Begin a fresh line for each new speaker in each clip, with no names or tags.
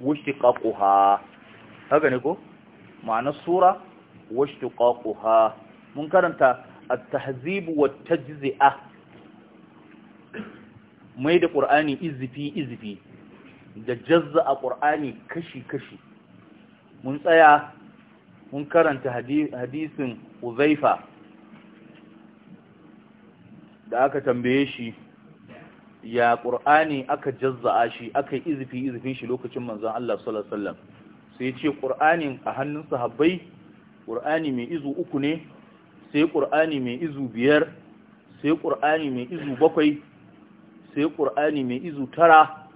washtiqaquha haka ne ko ma'anar sura washtiqaquha mun karanta at wa tajzi'a mai da ƙur'ani, izifi izifi da jazza a ƙur'ani kashi kashi mun tsaya mun karanta hadisin uzaifa da aka tambaye shi ya ƙur'ani aka jazza'a shi aka izifi izifin shi lokacin manzon Allah sallallahu alaihi wasallam sai ce ƙur'anin a hannun sahabbai ƙur'ani mai izu uku ne sai ƙur'ani mai izu biyar sai ƙur'ani mai izu bakwai sai ƙur'ani mai izu tara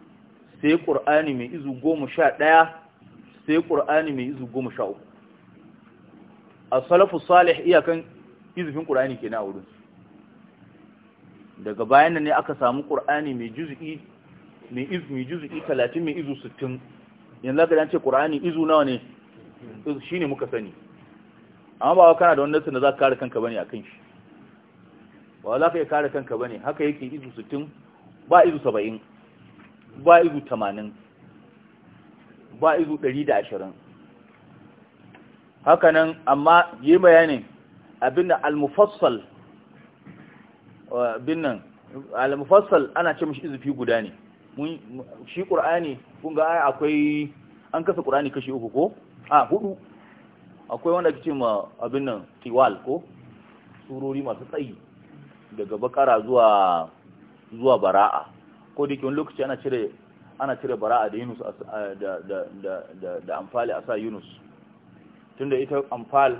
sai ƙur'ani mai izu goma sha ɗaya sai ƙur'ani mai izu goma sha uku a salafu salih iyakan izufin ƙur'ani kenan a wurin daga bayan ne aka samu ƙur'ani mai juzu'i mai mai juzu'i 30 mai izu 60 yanzu aka dace ƙur'ani izu nawa ne shi ne muka sani amma ba kana da wannan da za ka kare kanka bane akan shi ba za ka iya kare kanka bane haka yake izu 60 ba izu 70 ba izu 80 ba izu 120 haka nan amma yi bayanin abinda al-mufassal bin nan al-mufassal ana ce mishi izufi guda ne shi qur'ani kun ga akwai an kasa qur'ani kashi uku ko a hudu akwai wanda kace ma abin nan tiwal ko surori masu tsayi daga bakara zuwa zuwa bara'a ko da wani lokaci ana cire ana cire bara'a da Yunus da da da amfali a Yunus tunda ita amfal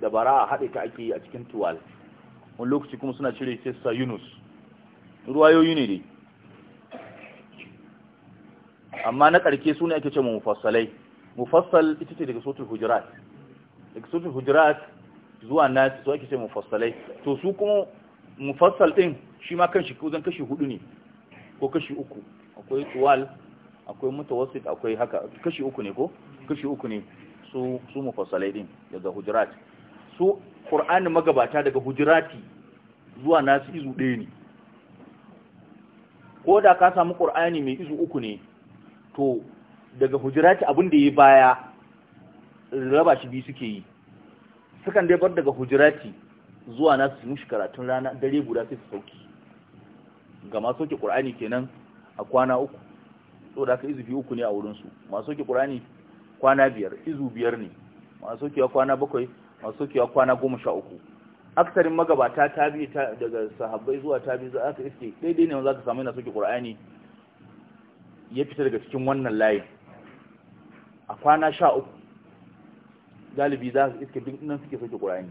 da bara'a haɗe ta ake yi a cikin tiwal wani lokaci kuma suna cire sa yunus ruwayoyi ne dai amma na ƙarke su ne ake ce mufassalai mufassal ita ce daga sotul hujurat daga sotul hujurat zuwa nasi su ake ce mufassalai to su kuma mufassal ɗin shi ma kan shi kuzan kashi hudu ne ko kashi uku akwai tuwal akwai mutawassit akwai haka kashi uku ne ko kashi uku ne su mufassalai ɗin daga hujurat so ƙur'anin magabata daga hujirati zuwa nasu izu ɗaya ne ko da ka samu ƙur'ani mai izu uku ne to daga hujirati abin da ya baya raba shi biyu suke yi sukan dai bar daga hujirati zuwa nasu su mushi karatun rana dare guda sai su sauki ga masu sauke ƙur'ani kenan a kwana uku so da ka izu biyu uku ne a wurinsu masu soke ƙur'ani kwana biyar izu biyar ne masu sokewa kwana bakwai masu kewa kwana goma sha uku aksarin magabata ta bi daga sahabbai zuwa ta bi za ka iske daidai ne za ka samu yana soke ƙur'ani ya fita daga cikin wannan layin a kwana sha uku galibi za su iske duk nan suke soke ƙur'ani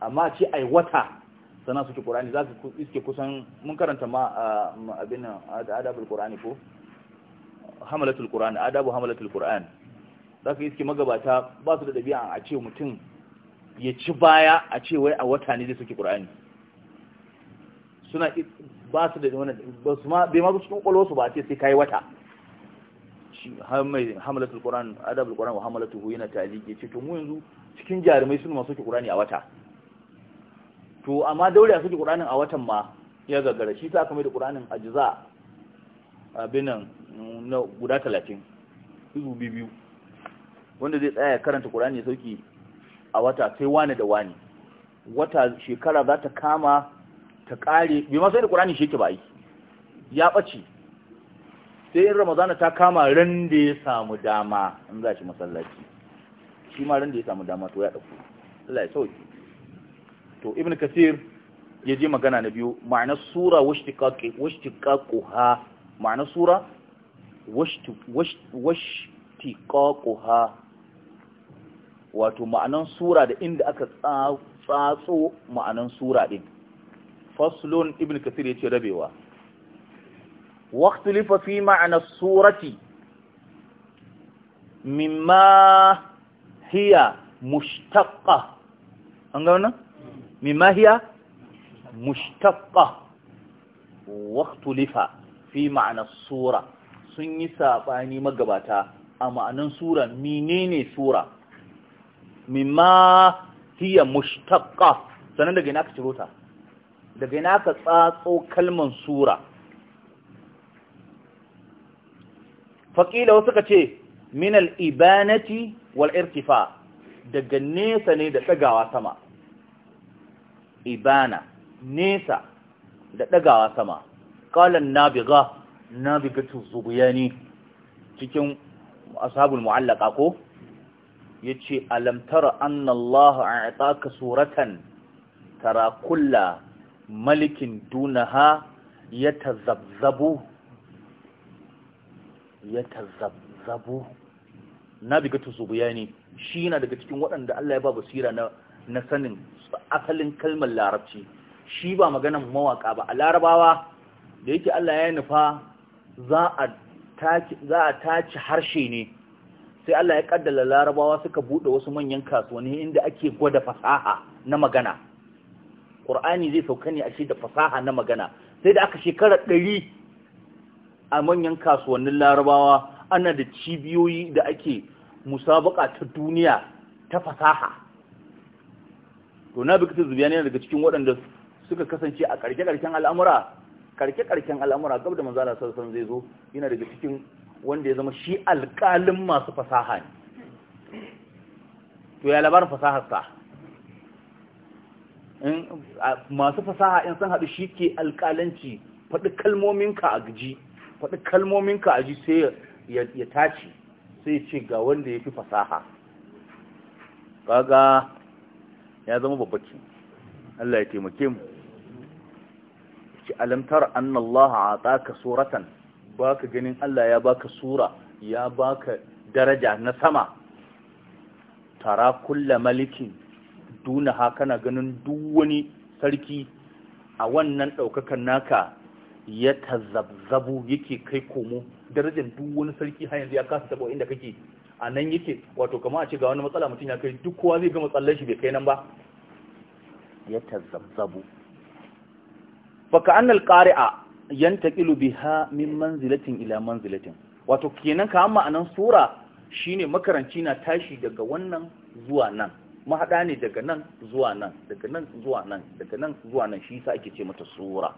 amma ce ai wata sana suke ƙur'ani za su iske kusan mun karanta ma abin adabul ƙura'ani ko hamalatul ƙura'ani adabu hamalatul ƙura'ani za ka iske magabata ba su da ɗabi'a a ce mutum ya ci baya a ce wai a wata ne zai saki ƙur'ani suna ba su da wani ba su ma bai ma su cikin su ba a ce sai kai wata hamalatul ƙuran adabul ƙuran wa hamalatuhu yana taliki ce to mu yanzu cikin jarumai sun masu ki ƙurani a wata to amma daure a suke ƙuranin a watan ma ya gagara shi ta kama da ƙuranin a jiza abin nan na guda talatin izu biyu wanda zai tsaya karanta ƙurani ya sauki a wata sai wani da wani wata shekara za ta kama ta ƙare bai masu yadda ƙurani shi ke ba yi ya ɓace sai yin ramazana ta kama ran da ya samu dama in za shi masallaci shi ma ran da ya samu dama to ya ɗauko Allah ya sauki to ibn kasir ya je magana na biyu ma'ana sura washtiqaquha ma'anar sura washtiqaquha wato ma'anan sura da inda aka tsatso ma'anan sura ɗin. Faslon Ibn Kathir ya ce rabewa. Waktulifa fi ma'anar surati, mimma hiya mushtaqqa An fi ma'anar sura. Sun yi saɓani magabata a ma'anan sura, mine ne sura? mimma hiya mushtaqqa sanan daga ina aka ciro ta daga ina aka tsatso kalman sura faqila wasu kace min al-ibanati wal irtifa daga nesa ne da tsagawa sama ibana nesa da ɗagawa sama ƙalan nabiga nabigatu zubiyani cikin ashabul mu'allaka ko ya ce alamtara annallahu a ataka suratan tara kulla malikin dunaha ya tazabzabu ya tazabzabu na biga tuzubiya ne shi yana daga cikin waɗanda Allah ya ba basira na na sanin asalin kalmar larabci shi ba maganan mawaka ba a larabawa da yake Allah ya nufa za a tace harshe ne sai Allah ya kaddala larabawa suka bude wasu manyan kasuwanni inda ake gwada fasaha na magana Qur'ani zai sauka ne a shi da fasaha na magana sai da aka shekara ɗari a manyan kasuwannin larabawa ana da cibiyoyi da ake musabaka ta duniya ta fasaha to na bikin zubiyani daga cikin waɗanda suka kasance a karke karken al'amura karke-karken al'amura gab da manzala sassan zai zo yana daga cikin wanda ya zama shi alƙalin masu fasaha ne to ya labarin fasaharsa masu fasaha in sun haɗu shi ke alƙalanci faɗi kalmominka a gaji faɗi kalmominka a ji sai ya tace sai ce ga wanda ya fi fasaha Gaga ya zama babbaki Allah ya taimake mu ci alamtar annallaha a tsaka suratan baka ganin Allah ya baka sura ya baka daraja na sama tara kulla malikin duna ha kana ganin duk wani sarki a wannan ɗaukakan naka ya tazabzabu yake kai komo darajar duk wani sarki har yanzu ya kasa taba inda kake a nan yake wato kama a ce ga wani matsala mutum ya kai duk kowa zai ga matsalar shi bai kai nan ba ya tazabzabu faka annal qari'a yantaqilu biha min manzilatin ila manzilatin wato kenan ka ma'anan sura shine makaranci na tashi daga wannan zuwa nan mahada ne daga nan zuwa nan daga nan zuwa nan daga nan zuwa nan shi yasa ake ce mata sura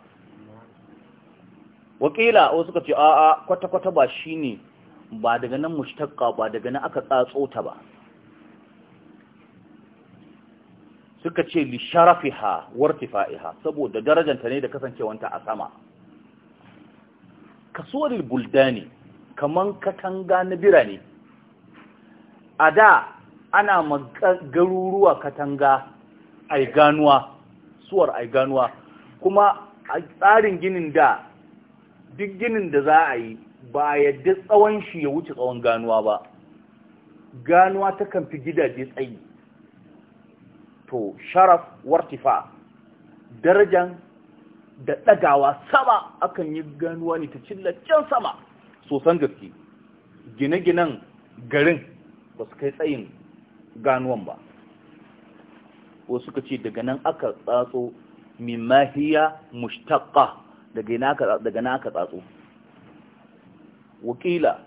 wakila wasu suka ce a'a kwata kwata ba shine ba daga nan mushtaqqa ba daga nan aka tsatso ta ba suka ce li sharafiha wartifa'iha saboda darajanta ne da kasancewanta a sama kasuwaril buldani kaman katanga na birane a da ana garuruwa katanga ai suwar aiganuwa kuma a tsarin ginin da duk ginin da za a yi ba a yadda tsawon shi ya wuce tsawon ganuwa ba ganuwa ta kamfi gidaje tsayi to sharaf wartifa darajan da ɗagawa sama akan yi ganuwa ne ta cillacen sama sosan gaske gine-ginen garin ba su kai tsayin ganuwan ba wasu suka ce daga nan aka tsatso mimahiya mushtaqqa daga nan aka tsatso wakila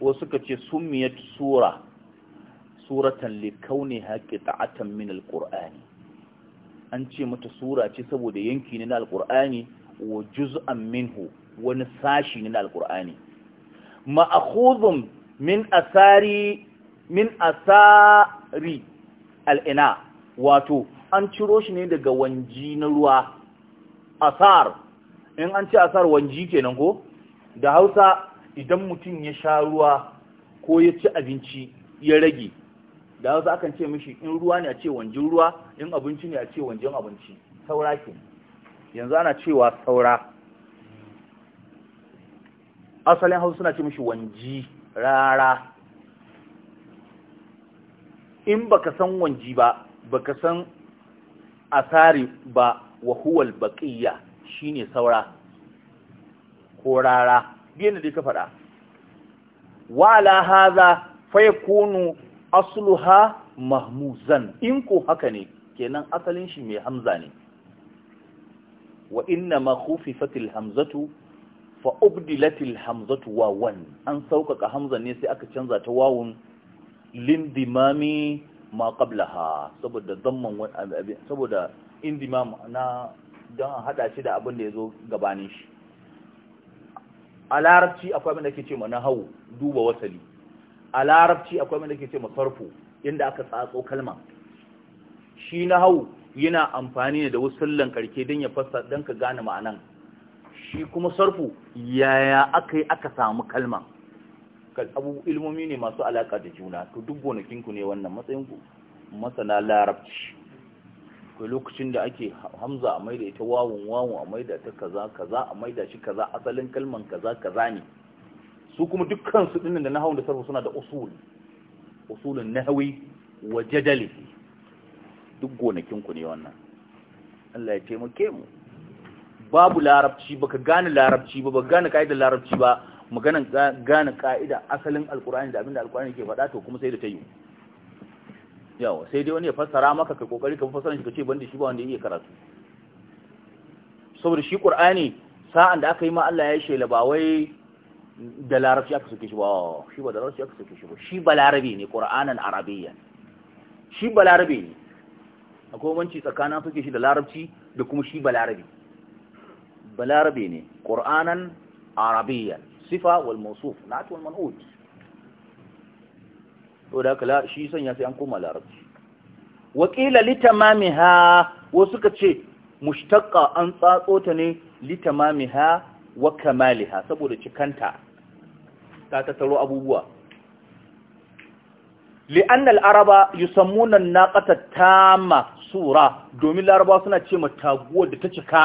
wasu suka ce summiyat sura suratan ne haƙi ta'atan min alƙur'ani an ce mata sura ce saboda yanki ne na alkur'ani wa juz'an minhu wani sashi ne na alkur'ani ma'akhudhum min asari min asari al'ina wato an ciro shi ne daga wanji na ruwa asar in an ce asar wanji kenan ko da Hausa idan mutum ya sha ruwa ko ya ci abinci ya rage da wasu akan ce mishi in ruwa ne a ce wanjin ruwa in abinci ne a ce wanjin abinci saura ke yanzu ana cewa saura asalin hausa suna ce mishi wanji rara in baka san wanji ba baka san asari ba wahuwal huwal baqiya shine saura ko rara biyan da ka faɗa wa ala hadha fa yakunu asluha mahmuzan in ko haka ne kenan asalin shi mai hamza ne wa inna ma khufifatil hamzatu fa ubdilatil hamzatu wawan an sauƙaƙa hamza ne sai aka canza ta wawun lindimami ma qablaha saboda damman wani saboda indimam na don hada shi da abin da ya zo gabanin shi a larabci akwai abin da ke ce ma na hau duba wasali a larabci akwai wanda ke ce masarfu inda aka tsatso kalma shi na hau yana amfani da wasullan karke don ya fasa, don ka gane ma'anan shi kuma sarfu yaya aka yi aka samu kalma abu ilmomi ne masu alaka da juna to duk gonakinku ne wannan matsayinku masana larabci kai lokacin da ake hamza a maida ita wawon-wawon a maida ta kaza kaza a maida shi kaza asalin kalman kaza kaza ne su kuma dukkan su dinnan da nahawun da sarfa suna da usul usulun nahwi wa jadali duk gonakin ku ne wannan Allah ya taimake mu babu larabci baka gane larabci ba baka gane kaida larabci ba maganan gane kaida asalin alqur'ani da abinda alqur'ani yake faɗa to kuma sai da tayi yawa sai dai wani ya fassara maka kai kokari ka fassara shi ka ce banda shi ba wanda yake karatu saboda shi qur'ani sa'an da aka yi ma Allah ya shela ba wai da larabci aka soke shi ba oh, shi ba da larabci aka soke shi ba shi balarabe ne qur'anan arabiyya shi balarabe ne akwai wanci tsakanin soke shi da larabci da kuma shi balarabe balarabe ne qur'anan arabiyya sifa wal mawsuf na'at wal man'ut to da kala shi sanya sai an koma larabci wa qila litamamiha wasu ka ce mushtaqa an tsatso ta ne litamamiha wa kamaliha saboda cikanta ta tattaro abubuwa li'anna al'araba yusammuna naqata tamma sura domin laraba suna ce ma taguwar da ta cika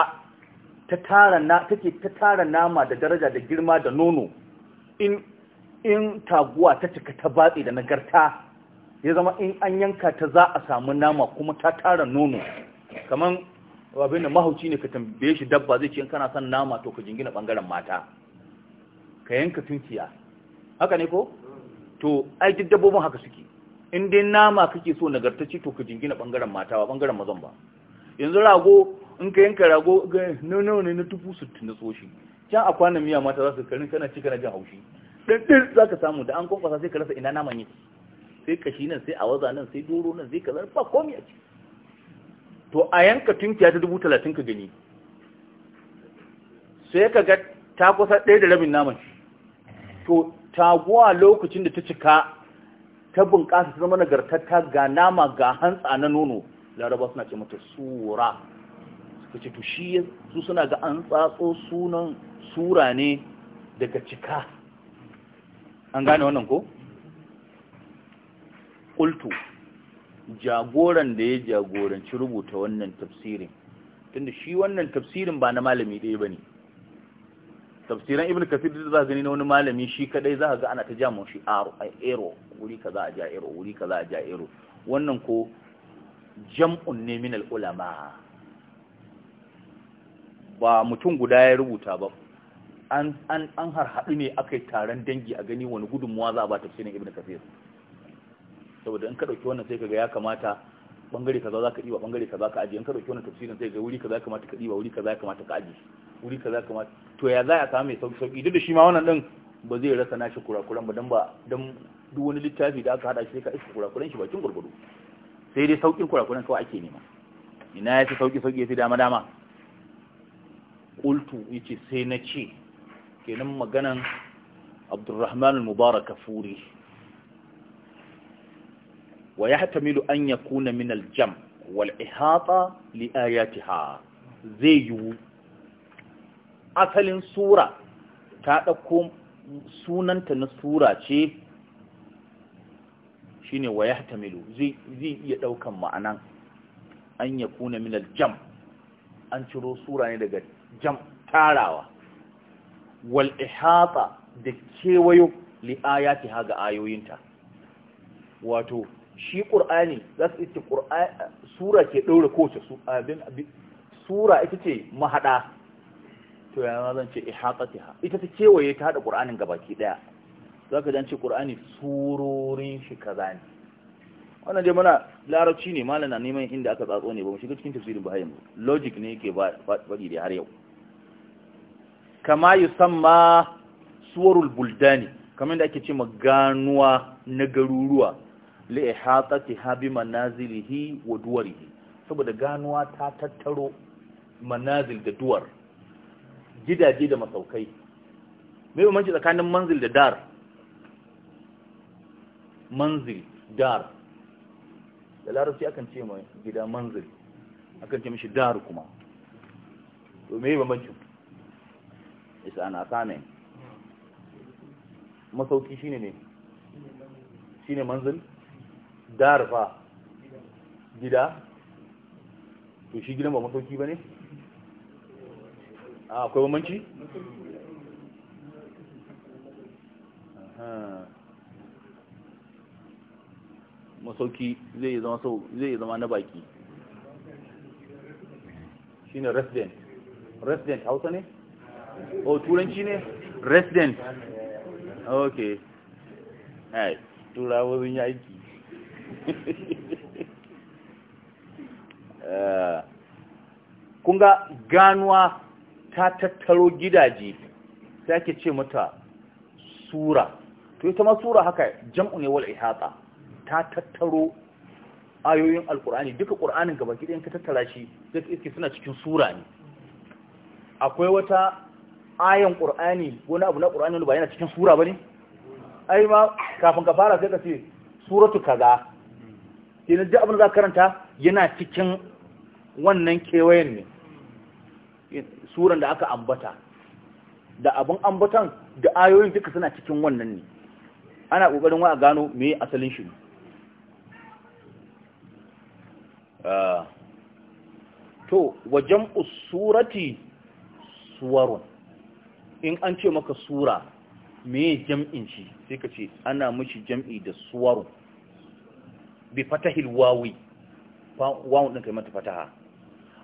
ta tara na take ta tara nama da daraja da girma da nono in in taguwa ta cika ta batsi da nagarta ya zama in an yanka ta za a samu nama kuma ta tara nono kaman abin da mahauci ne ka tambaye shi dabba zai ce in kana son nama to ka jingina bangaren mata ka yanka tunkiya haka ne ko to ai duk dabbobin haka suke in dai nama kake so nagartacci to ka jingina bangaren mata ba bangaren mazan ba yanzu rago in ka yanka rago nawa ne na tufu sittin na tsoshi can a kwanan miya mata za su karin kana ci kana jin haushi ɗin za ka samu da an kwankwasa sai ka rasa ina naman yake sai kashi nan sai a waza nan sai doro nan sai ka ba komai a ciki to a yanka tunkiya ta dubu talatin ka gani sai ka ga ta kusa ɗaya da rabin naman to taguwa lokacin da ta cika ta bunƙasa ta zama nagartatta ga nama ga hantsa na nono laraba suna ce mata sura suka ce to shi su suna ga an tsatso sunan sura ne daga cika an gane wannan ko? ƙultu jagoran da ya jagoranci rubuta wannan tafsirin tunda shi wannan tafsirin ba na malami ɗaya ba ne tafsiran ibn kasir da za gani na wani malami shi kadai za ga ana ta jamun shi ero wuri kaza a ja ero wuri kaza a ja ero wannan ko jam'un ne min ulama ba mutum guda ya rubuta ba an an an harhaɗu ne akai taron dangi a gani wani gudunmuwa za a ba tafsirin ibn kasir saboda in ka dauki wannan sai kaga ya kamata bangare kaza zaka diba bangare kaza ka aje in ka dauki wannan tafsirin sai ga wuri kaza kamata ka diba wuri kaza kamata ka aje wuri kaza kamata to ya za a samu mai sauki sauki duk da shi ma wannan din ba zai rasa nashi kurakuran ba dan ba dan duk wani littafi da aka hada shi ka iska kurakuran shi bakin gurgudu sai dai saukin kurakuran kawai ake nema ina ya fi sauki sauki ya fi dama dama qultu yace sai na ce kenan maganan abdulrahman al-Mubarak Furi wa yahtamilu an yakuna min al-jam wal ihata li ayatiha zai yiwu asalin sura ta sunanta na sura ce shine wa yahtamilu zai iya ɗaukan ma'anan an ya kuna minal jam an ciro sura ne daga jam tarawa wal ihata da kewayo li ayati ga ayoyinta wato shi ƙur'ani za su ce sura ke ɗaure kowace sura ita ce mahaɗa to yana zan ce ihaqatiha ita ta kewaye ta haɗa ƙur'anin gabaki ɗaya za ka ce ƙur'ani surorin shi kaza ne wannan dai mana larabci ne malana neman inda aka tsatso ne ba mu shiga cikin tafsirin ba yanzu logic ne yake faɗi da har yau kama yusamma suwarul buldani kamar da ake ce ganuwa na garuruwa ihatati habi manazilihi wa duwarihi saboda ganuwa ta tattaro manazil da duwar gidaje da masaukai me bambanci tsakanin manzil da dar manzil dar da larabci akan ce mai gida manzil akan ce mishi dar kuma to me bambancin isa ana same masauki shine ne shine manzil darfa gida to shi gidan ba masauki ba ne? a akwai bambanci? masauki zai zama sau zai zama na baki shi ne resident resident hausa ne? o oh, turanci ne? resident ok hai turawa sun yi aiki Eh, kunga ganuwa ta tattaro gidaje sai ake ce mata sura to ita ma sura haka jam'u ne wal ihata ta tattaro ayoyin alkur'ani duka qur'anin gaba ɗayan ka tattara shi zai iske suna cikin sura ne akwai wata ayan qur'ani wani abu na qur'ani ba yana cikin sura bane ai ma kafin ka fara sai ka ce suratu kaza kenan duk abin da za karanta yana cikin wannan kewayen ne suran da aka ambata da abin ambatan da ayoyin duka suna cikin wannan ne ana ƙoƙarin wa gano me asalin shi ne ah. to wajen usurati suwarun in an ce maka sura me jam'in shi sai ka ce ana mishi jam'i da suwarun bi fatahil wawi wawu din kai mata fataha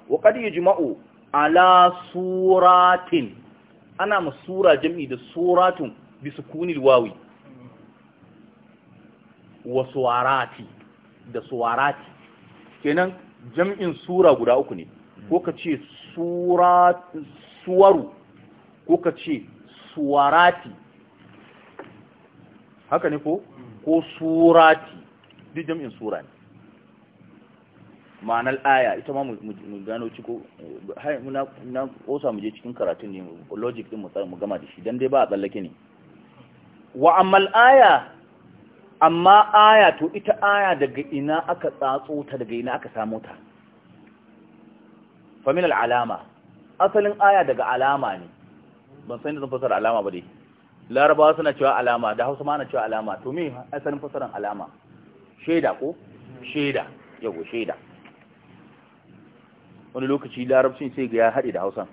wa qad yajma'u ala suratin ana ma sura jam'i da suratun bi sukunil wawi wa suwarati da suwarati kenan jam'in sura guda uku ne ko ka ce suwaru ko ka ce suwarati haka ne ko ko surati duk jam'in sura ne ma'anar aya ita ma mu gano ciko hai muna na kosa mu je cikin karatun ne logic din mu mu gama da shi dan dai ba a tsallake ne wa ammal aya amma aya to ita aya daga ina aka tsatso ta daga ina aka samu ta fa min al alama asalin aya daga alama ne ban san da zan fasara alama ba dai larabawa suna cewa alama da hausa ma na cewa alama to me asalin fasaran alama shaida ko shaida yawo shaida wani lokaci larabcin sai ga ya haɗe da hausa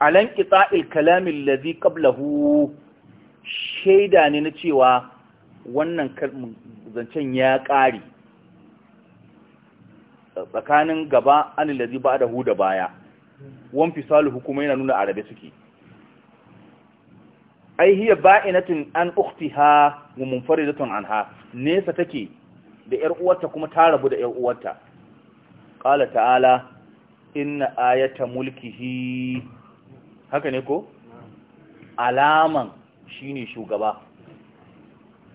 alan qita'il kalamin lazi qablahu shaida ne na cewa wannan zancen ya ƙari tsakanin gaba an lazi ba da hu da baya wan fisalu hukuma yana nuna arabe suke ai hiya ba'inatin an ukhtiha wa munfaridatun anha nesa take da ‘yar uwarta kuma ta rabu da ‘yar uwarta ƙala ta'ala inna ayata mulkihi haka ne ko alaman shine shugaba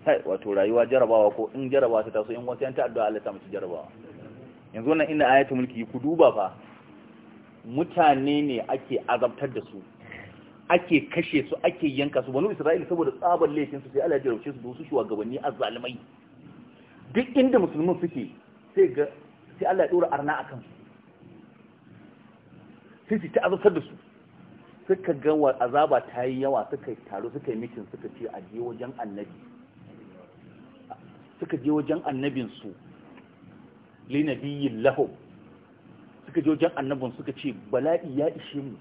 sai wato rayuwa jarabawa ko in jarabawa ta taso in wasu yanta addu’a Allah ta mutu jarabawa yanzu wannan inna ayata mulkihi ku duba fa mutane ne ake azabtar da su ake kashe su ake yanka su banu isra'ila saboda tsabar laifin su sai Allah ya jarabce su da su shugabanni azzalimai duk inda musulmin suke sai ga sai Allah ya dora arna a su sai su ta azabtar da su suka ga azaba ta yi yawa suka taro suka yi mitin suka ce a je wajen annabi suka je wajen annabin su li nabiyyin lahu suka je wajen annabin suka ce bala'i ya ishe mu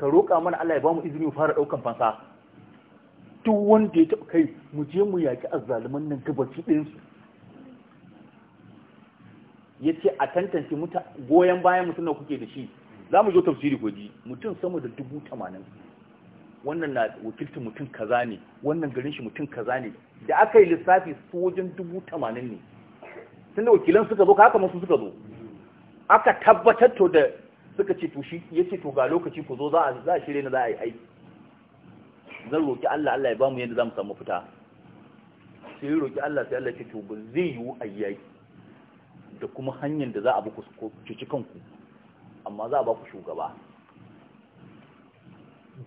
ka roƙa mana Allah ya ba mu izini mu fara ɗaukan fansa duk wanda ya taɓa kai mu je mu yaƙi azzaluman nan gabaci ɗinsu ya ce a tantance goyon bayan mutum da kuke da shi za mu zo tafsiri gwaji mutum sama da dubu tamanin wannan na wakiltar mutum kaza ne wannan garin shi mutum kaza ne da aka yi lissafi su wajen dubu tamanin ne tun da wakilan suka zo haka masu suka zo aka tabbatar to da suka ce to shi ya ce to ga lokaci ku zo za a shirya na za a yi aiki zan roƙi Allah Allah ya bamu yadda za mu samu fita sai roƙi Allah sai Allah ya ce to ba zai yiwu a yi yaki da kuma hanyar da za a buku cuci kanku amma za a baku shugaba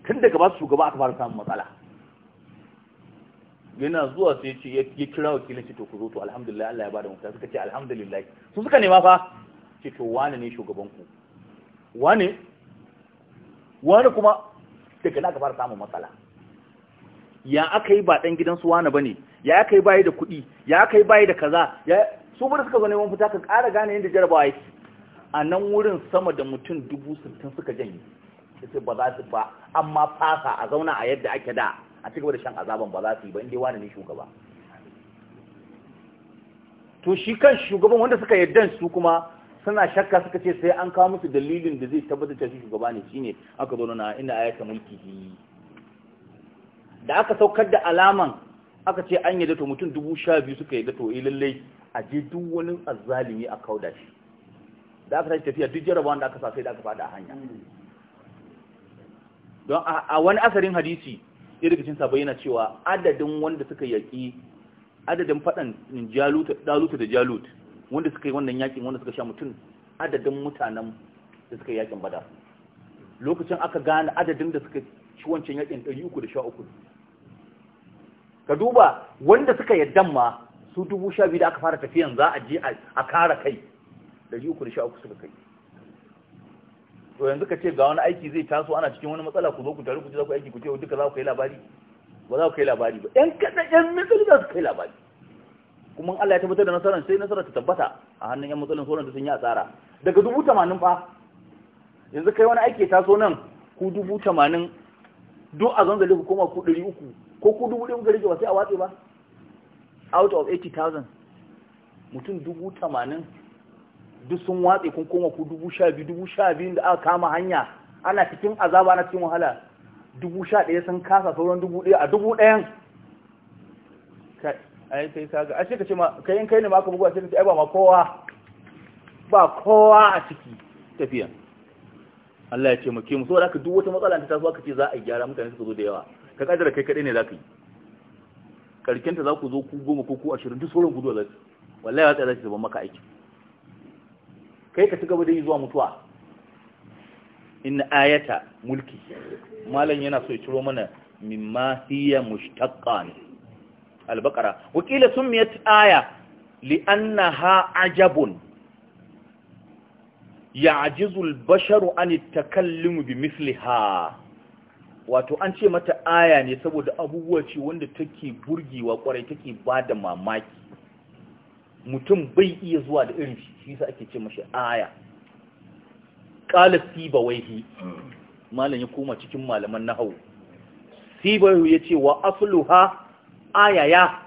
tun daga ba shugaba aka fara samun matsala yana zuwa sai ce ya kira wakilin ce to ku zo to alhamdulillah Allah ya bada mutane suka ce alhamdulillah su suka nema fa ce to wane ne ku wane wane kuma daga na aka fara samun matsala ya aka yi ba ɗan gidansu wane ba ne ya aka yi bayi da kuɗi ya aka yi bayi da kaza ya su bari suka zane neman fita ka ƙara gane yadda jarabawa yake a nan wurin sama da mutum dubu sittin suka janye ce ba za su ba amma fasa a zauna a yadda ake da a cigaba da shan azaban ba za su yi ba inda wani ne shugaba to shi kan shugaban wanda suka yadda su kuma suna shakka suka ce sai an kawo musu dalilin da zai tabbatar da shi shugaba ne shine aka zo na inda ayata mulki da aka saukar da alaman aka ce an yarda to mutum dubu sha biyu suka yarda to eh lallai a duk wani azzalimi a kauda shi da aka tashi tafiya duk jarabawan da aka sa sai da aka fada a hanya don a wani asarin hadisi irgicin sabai yana cewa adadin wanda suka yaƙi adadin faɗan daluta da jalut wanda suka yi wannan yakin wanda suka sha mutum adadin mutanen da suka yi yakin bada lokacin aka gane adadin da suka ci wancan yakin 313 ka duba wanda suka yaddan ma su dubu sha biyu da aka fara tafiyan za a je a kara kai dari uku da sha uku suka kai to yanzu ka ce ga wani aiki zai taso ana cikin wani matsala ku zo ku tare ku ce za ku aiki ku ce duka za ku kai labari ba za ku kai labari ba yan kaɗan yan matsali za su kai labari kuma Allah ya tabbatar da nasarar sai nasarar ta tabbata a hannun yan matsalin sauran da sun yi asara daga dubu tamanin fa yanzu kai wani aiki taso nan ku dubu tamanin duk a zanzale ku koma ku ɗari uku ko ku dubu ɗin ku rage ba sai a watse ba out of 80,000 mutum dubu tamanin duk sun watse kun koma ku dubu sha biyu dubu sha biyu da aka kama hanya ana cikin azaba na cikin wahala dubu sha ɗaya sun kasa sauran dubu ɗaya a dubu ɗayan ai sai kaga ashe ka ce ma kai in kai ne ma aka bugu ashe cikin ai ba ma kowa ba kowa a ciki tafiya Allah ya ce mu ke mu saboda ka duk wata matsala ta taso ka ce za a gyara mutane suka zo da yawa ka kaddara kai kadai ne za ka yi karkenta za ku zo ku goma ko ku ashirin duk sauran gudu zai wallahi ya za su maka aiki kai ka ci gaba da yi zuwa mutuwa in ayata mulki malam yana so ya ciro mana mimma hiya mushtaqan al-baqara qila sumiyat aya ha ajabun ya'jizu al-basharu an yatakallamu bi bimithliha wato an ce mata aya ne saboda abubuwa ce wanda take burgewa kwarai take ba da mamaki mutum bai iya zuwa da irin shi sa ake ce mashi aya ƙala waihi, malam ya koma cikin malaman Siba waihi ya ce wa afluha ayaya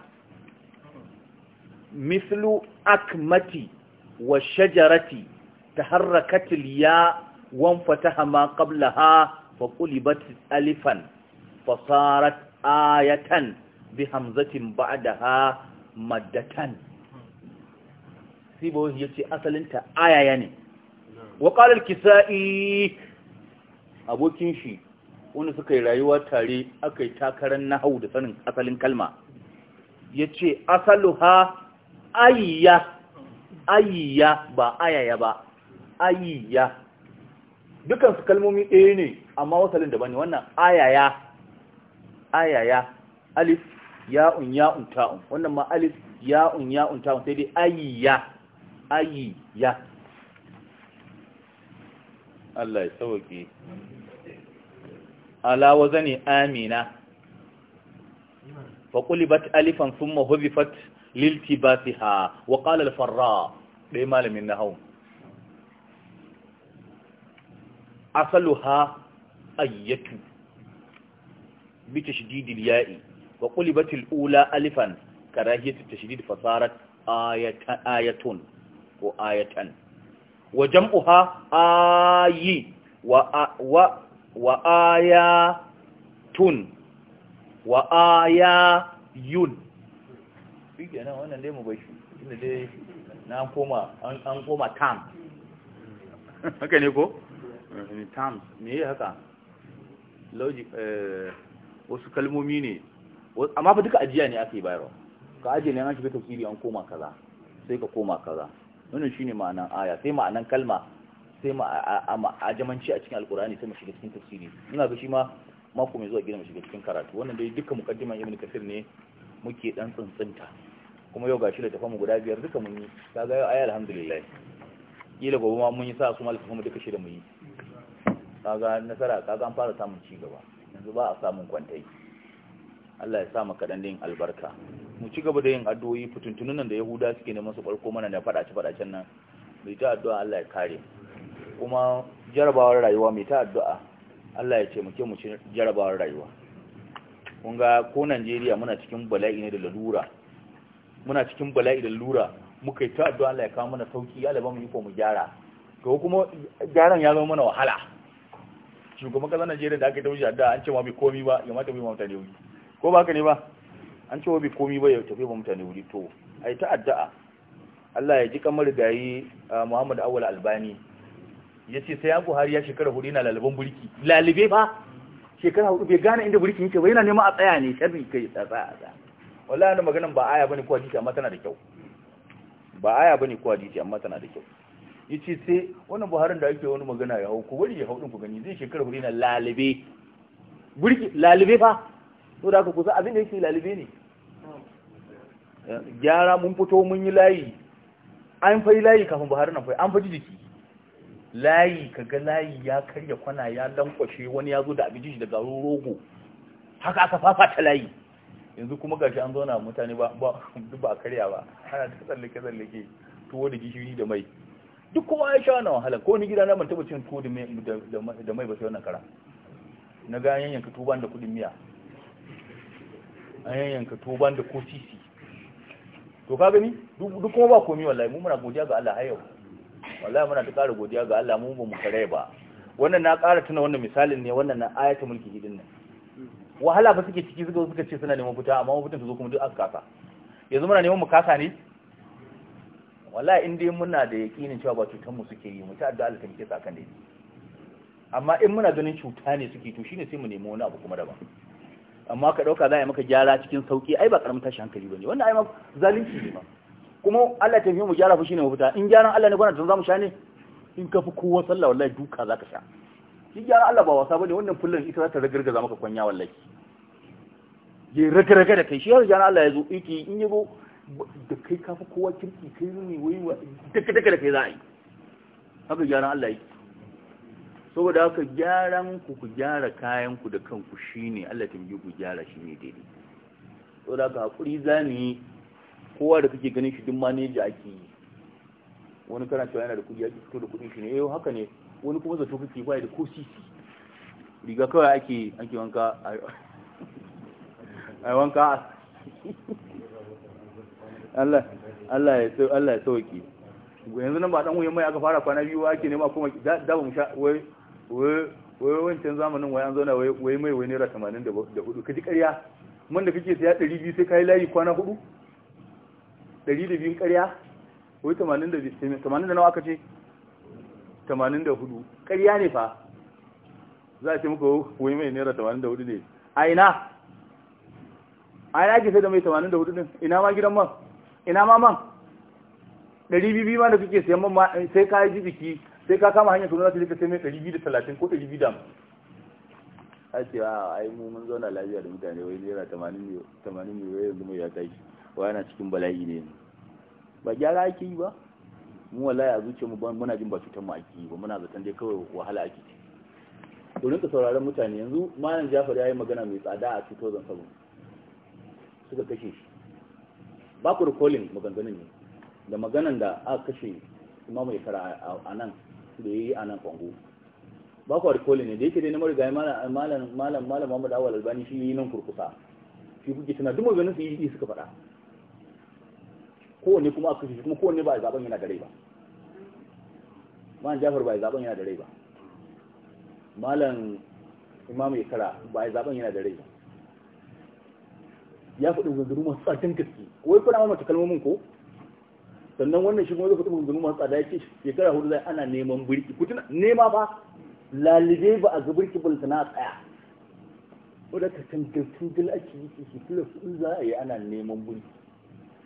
mislu akmati wa shajarati ta taharrakatil ya wanfataha ma ha? فقلبت ألفا فصارت آية بهمزة بعدها مدة سيبوه يتي أصل انت آية يعني وقال الكسائي abokin shi wanda suka yi rayuwa tare aka yi takarar hau da sanin asalin kalma ya ce asaluha ayiya ayiya ba ayaya ba ayiya Dukan su kalmomi ɗaya ne amma wasalin daban ne wannan ayaya ayaya alif ya'un ya'un ta'un wannan ma alif ya'un ya'un ta'un sai dai ayiya ayiya Allah ya sauke ala wazani amina faqulibat alifan thumma hudifat liltibatiha wa qala al-farra dai malamin nahwu ha ayyatu bi ya'i wa qulibatil ula alifan karahiyatu tashdid fasarat ayatan ayatun ko ayatan wa jam'uha ayi wa wa wa ayatun wa ayayun dai na koma an koma tam haka ne ko terms me ya haka logic eh, wasu kalmomi ne amma fa duka ajiya ne aka yi bayarwa ka ajiye ne an shiga tafsiri an koma kaza sai ka koma kaza wannan shine ma'anan aya sai ma'anan kalma sai ma a jamanci a cikin alkurani sai mu shiga cikin tafsiri ina ga shi ma mako mai zuwa gida mu shiga cikin karatu wannan dai duka mukaddiman ibnu kasir ne muke dan tsuntsunta kuma yau gashi da tafa mu guda biyar duka mun yi kaga yau ayi alhamdulillah kila gobe ma mun yi sa su ma mu duka shi da mu yi kaga nasara kaga an fara samun ci gaba yanzu ba a samun kwantai Allah ya sa mu kadan da yin albarka mu ci gaba da yin addu'o'i fituntunun nan da Yahuda suke neman su farko mana da fadace fadacen nan mu ta addu'a Allah ya kare kuma jarabawar rayuwa mu ta addu'a Allah ya ce mu ke mu ci jarabawar rayuwa kun ga ko Najeriya muna cikin bala'i ne da lalura muna cikin bala'i da lalura muka yi ta addu'a Allah ya kawo mana sauki ya laba mu yi ko mu gyara ko kuma gyaran ya zama mana wahala shugaban kasar Najeriya da aka tafi shi da an ce ma bai komi ba ya mata bai ma mutane wuri ko ba ka ne ba an ce wa bai komi ba ya tafi ba mutane wuri to ai ta addu'a Allah ya ji kamar gayi ah, Muhammad Awal Albani ya ce sai ya Buhari ya shekara hudu yana lalaban burki lalibe ba shekara hudu bai gane inda burki yake ba yana neman a tsaya ne sharri kai tsaya a tsaya wallahi wannan maganan ba aya bane ko hadisi amma tana da kyau ba aya bane ko hadisi amma tana da kyau ya ce sai wannan buharin da ake wani magana ya hau ku wani ya hau ɗin ku gani zai shekara hudu na lalibe burki lalibe fa to da aka kusa abin da yake lalibe ne gyara mun fito mun yi layi an fai layi kafin buharin nan fai an fa jiki layi kaga layi ya karya kwana ya lankwashe wani ya zo da abin da garin rogo haka aka fafata layi yanzu kuma gashi an zauna mutane ba ba a karya ba ana ta tsallake tsallake tuwo da gishiri da mai duk kowa ya sha wannan wahala ko ni gidana ban taba cin tuwo da mai ba sai wannan kara na ga yan yanka tuban da kudin miya an yan yanka tuban da ko sisi to ka gani duk kuma ba komi wallahi mu muna godiya ga Allah har yau wallahi muna ta ƙara godiya ga Allah mu ba mu kare ba wannan na ƙara tuna wannan misalin ne wannan na ayatul mulki hidin nan wahala ba suke ciki suka suka ce suna neman fita amma mafitan su zo kuma duk aka kasa yanzu muna neman mu kasa ne wala in dai muna da yakinin cewa ba cutar mu suke yi mu ta addu'a Allah ta muke sakan da amma in muna ganin cuta ne suke to shine sai mu nemi wani abu kuma daban amma ka dauka za a yi maka gyara cikin sauki ai ba karamin tashi hankali bane wannan ai ma zalunci ne ma kuma Allah ta mu gyara fa shine fita in gyaran Allah ne kwana dan zamu sha ne in ka fi kowa sallah wallahi duka zaka sha shi gyara Allah ba wasa bane wannan fullun ita za ta ragargaza maka kwanya wallahi je ragarga da kai shi har gyara Allah ya zo iki in yi zo da kai kafa kowa kirki kai ne wai wa daga daga da kai za a yi haka gyaran Allah yi. saboda haka gyaran ku ku gyara kayan ku da kanku shine Allah tambaye ku gyara shi ne daidai saboda haka hakuri zani kowa da kake ganin shi duk maneji ake yi wani kana cewa yana da kudi ya fito da kudin shi ne eh haka ne wani kuma zato kake bai da ko sisi riga kawai ake ake wanka ai wanka Allah Allah ya sauki yanzu nan ba dan wuyan mai aka fara kwana biyu ake nema kuma da mu sha wai wai wancan zamanin wai an zauna wai wai mai wai naira 84 kaji ƙarya mun da kike siya 200 sai kai layi kwana hudu 200 ƙarya wai 82 80 da nawa aka ce 84 ƙarya ne fa za a ce muka wai mai naira 84 ne a ina a ina ke sai da mai 84 din ina ma gidan man ina ma man ɗari biyu ma da kuke sayan mamma eh, sai ka yi jibiki sai ka kama hanyar tunan zaka sai mai ɗari biyu da talatin ko ɗari biyu da a ce a yi mun zauna lafiya da mutane wai naira tamanin ne wai yanzu mai ya tashi? wai yana cikin bala'i ne ba gyara ake yi ba mu wallahi a zuciya mu muna jin ba cutar mu ake yi ba muna zaton dai kawai wahala ake ci to ka sauraron mutane yanzu malam Jafar yi magana mai tsada a 2007 suka kashe shi ba ku rikolin maganganun ne da maganan da aka kashe imamu ya kara a nan da ya yi a nan kwango ba ku rikolin ne da yake dai na marigayi malam malam malam awal albani shi yi nan kurkusa shi kuke tana duk maganin su yi suka faɗa kowanne kuma aka kashe kuma kowanne ba a zaben yana da rai ba malam jafar ba a zaben yana da rai ba malam imamu ya kara ba a zaben yana da rai ba ya faɗi maganganu masu tsakin gaske wai kuna mata kalmomin ko sannan wannan shi kuma zai faɗi maganganu masu tsada yake shekara hudu zai ana neman birki ku tuna nema ba lalibe ba a ga birki bulta na tsaya wadda ka tangantin dal ake yi shi kula su za a yi ana neman birki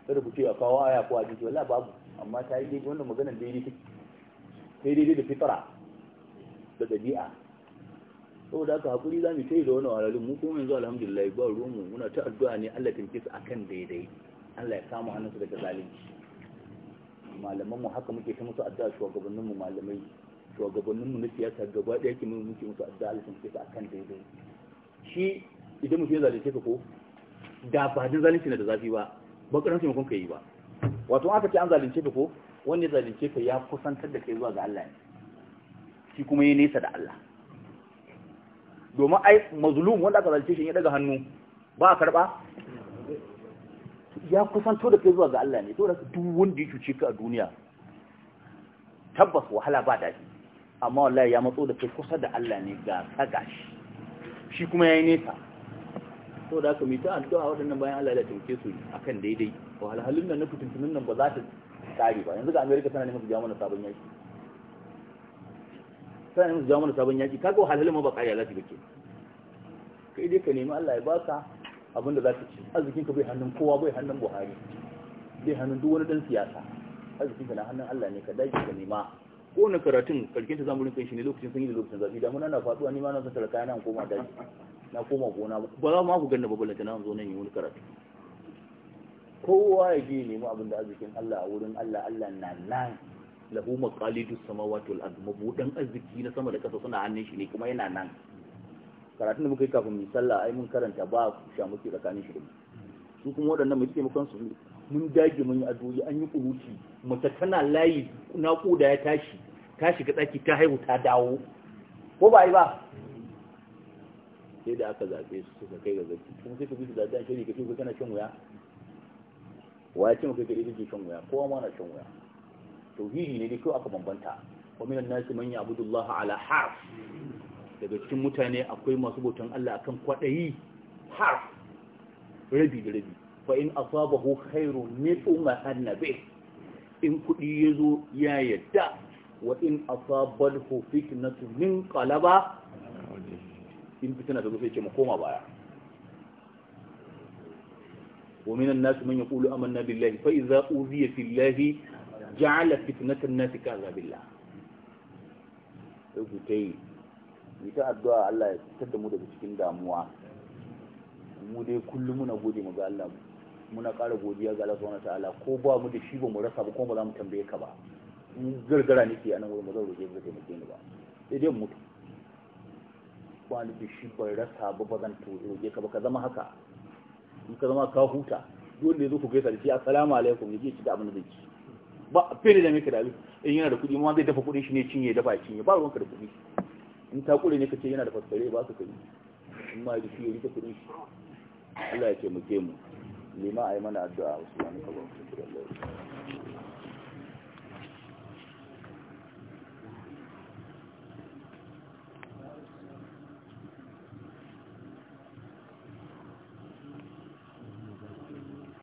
kada ku ce a kawo aya ko a hadisi wallahi babu amma ta yi daidai wannan maganar daidai take daidai da fitara da dabi'a saboda haka hakuri za mu tayi da wani walalin mu kuma yanzu alhamdulillah ba ruwan mu muna ta addu'a ne Allah ta kisa akan daidai Allah ya samu hannunsu daga zalunci malaman mu haka muke ta musu addu'a gabanin mu malamai gabanin mu na siyasa gaba daya ke muke musu addu'a Allah ta kisa akan daidai shi idan mu ya zalunce ka ko da ba da zalunci na da zafi ba ba ƙarfin mu ka yi ba wato aka ce an zalunce ka ko wanda ya zalunce ka ya kusantar da kai zuwa ga Allah ne shi kuma ya nesa da Allah domin ai mazlum wanda aka zalce shi ya daga hannu ba a karba ya kusanto da kai zuwa ga Allah ne da duk wanda ya cuce ka a duniya tabbas wahala ba shi amma wallahi ya matso da kai kusa da Allah ne ga kaga shi shi kuma yayi nesa da haka mai ta addu'a wadannan bayan Allah ya tauke su akan daidai wahalhalun nan na fitintunin nan ba za ta tsari ba yanzu ga America tana neman su ga mana sabon yaki sanin su jawo sabon yaki kaga wahalhalin ma ba kariya za ta bake kai dai ka nemi Allah ya baka abin da za ka ci arzikin ka bai hannun kowa bai hannun Buhari bai hannun duk wani dan siyasa arzikin ka na hannun Allah ne ka dage ka nema ko na karatun kalkin ta zamu rinka shi ne lokacin sanyi da lokacin zafi da mun na faduwa ni ma na tsara kayana na koma daji na koma gona ba za mu ku ganna ba ballanta na zo nan yi wani karatu kowa ya ji nemi abin da arzikin Allah a wurin Allah Allah na nan lahu maqalidu samawati wal ard mabudan arziki na sama da kasa suna hannun shi ne kuma yana nan karatun da muka yi kafin mu sallah ai mun karanta ba sha muke tsakanin shi su kuma waɗannan mu ce mukan su mun dage mun yi adoyi an yi kuruci mace tana layi na koda ya tashi ta shiga tsaki ta haihu ta dawo ko ba yi ba sai da aka zaɓe su suka kai ga zaki kuma sai ka bi su zaɓe a shari'a ka ce ka kana shan wuya wa ya ce maka kai kake shan wuya kowa ma na shan wuya tauhidi ne ne ko aka bambanta wa minan nasi man ala harf daga cikin mutane akwai masu bautan Allah akan kwadayi harf rabi da rabi fa in asabahu khairu min umahanna bih in kudi yazo ya yadda wa in asabahu fitnatu min qalaba in fitina ta zo sai ce mu koma baya ومن الناس من يقول آمنا بالله فإذا أوذي في الله ja'ala fitnatan nasi ka azabillah sai ku ta yi mu ta addu'a Allah ya fitar da mu daga cikin damuwa mu dai kullum muna gode mu ga Allah muna ƙara godiya ga Allah subhanahu ta'ala ko ba mu da shi ba mu rasa ba ko ba za mu tambaye ka ba in gargara nake a nan wurin ba zan roƙe ka taimake ni ba sai dai mutu ba ni da shi ba rasa ba ba zan roƙe ka ba ka zama haka in ka zama ka huta dole ne zo ku gaisa da shi assalamu alaikum ya ci da abin da zai ci ba fere da maka da abin in yana da kuɗi ma zai dafa kuɗi shi ne cinye dafa cinye ba ruwanka da kuɗi in ta kure ne kace yana da fasfare ba su kuɗi in ma yi shi ya rike kuɗin shi Allah ya ce mu ke mu lima a yi mana addu'a wasu wani kabar